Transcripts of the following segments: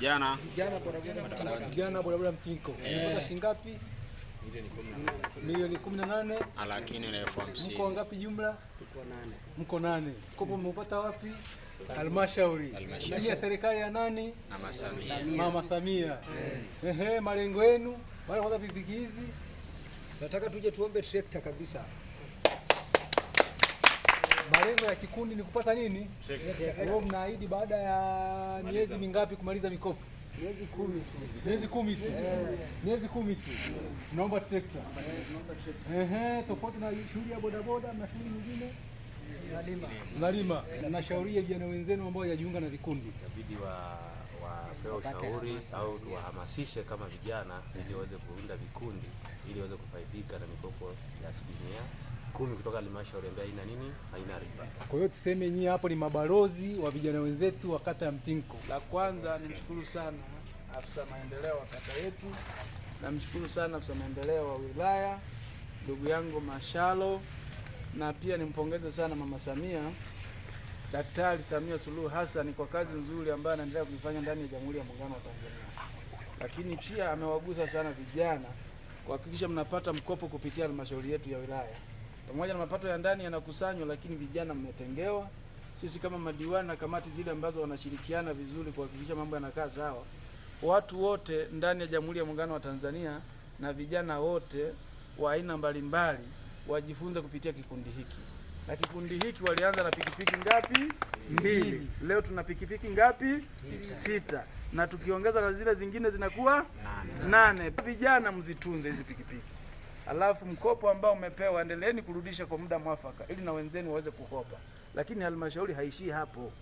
Jana jana bodaboda mtinko eh. ngapi? Milioni kumi na nane ah, lakini na elfu hamsini. Mko ngapi jumla? Mko nane. Kopo mmepata wapi? Halmashauri ya serikali ya nani? Mama Samia. Eh. Ehe, malengo yenu mara kwanza, pikipiki hizi nataka tuje tuombe trekta kabisa malengo ya kikundi ni kupata nini? Wewe mnaahidi baada ya miezi mingapi kumaliza mikopo? Miezi kumi tu. Miezi kumi tu. Eh. Miezi kumi tu. Naomba trekta. Ehe, tofauti na shughuli ya bodaboda na shughuli nyingine Nalima. Eh, Nashauria vijana wenzenu ambao yajiunga na vikundi wapewe ushauri au tuwahamasishe kama vijana ili waweze kuunda vikundi ili waweze kufaidika na mikopo ya asilimia kumi kutoka halmashauri ambayo haina nini, haina riba. Kwa hiyo tuseme nyie hapo ni mabalozi wa vijana wenzetu wa kata ya Mtinko. La kwanza nimshukuru sana afisa maendeleo wa kata yetu, namshukuru sana afisa maendeleo wa wilaya ndugu yangu Mashalo, na pia nimpongeze sana mama Samia, Daktari Samia Suluhu Hassan kwa kazi nzuri ambayo anaendelea kuifanya ndani ya Jamhuri ya Muungano wa Tanzania, lakini pia amewagusa sana vijana kuhakikisha mnapata mkopo kupitia halmashauri yetu ya wilaya. Pamoja na mapato ya ndani yanakusanywa, lakini vijana mmetengewa. Sisi kama madiwani na kamati zile ambazo wanashirikiana vizuri kuhakikisha mambo yanakaa sawa, watu wote ndani ya Jamhuri ya Muungano wa Tanzania na vijana wote wa aina mbalimbali wajifunze kupitia kikundi hiki. Na kikundi hiki walianza na pikipiki ngapi? Mbili. Leo tuna pikipiki ngapi? Sita, sita. Na tukiongeza na zile zingine zinakuwa nane. Vijana mzitunze hizi pikipiki alafu mkopo ambao umepewa endeleeni kurudisha kwa muda mwafaka, ili na wenzenu waweze kukopa. Lakini halmashauri haishii hapo,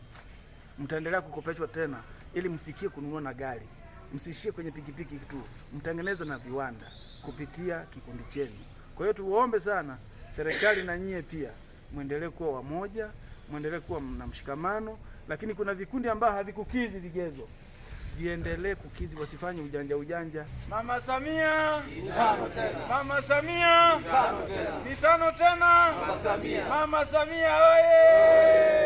mtaendelea kukopeshwa tena ili mfikie kununua na gari. Msiishie kwenye pikipiki tu, mtengeneze na viwanda kupitia kikundi chenu. Kwa hiyo tuwaombe sana serikali na nyie pia mwendelee kuwa wamoja, mwendelee kuwa na mshikamano, lakini kuna vikundi ambayo havikukizi vigezo ziendelee kukizi, wasifanye ujanja ujanja. Mama Samia tena, Mama Samia mitano tena, Mama Samia oye!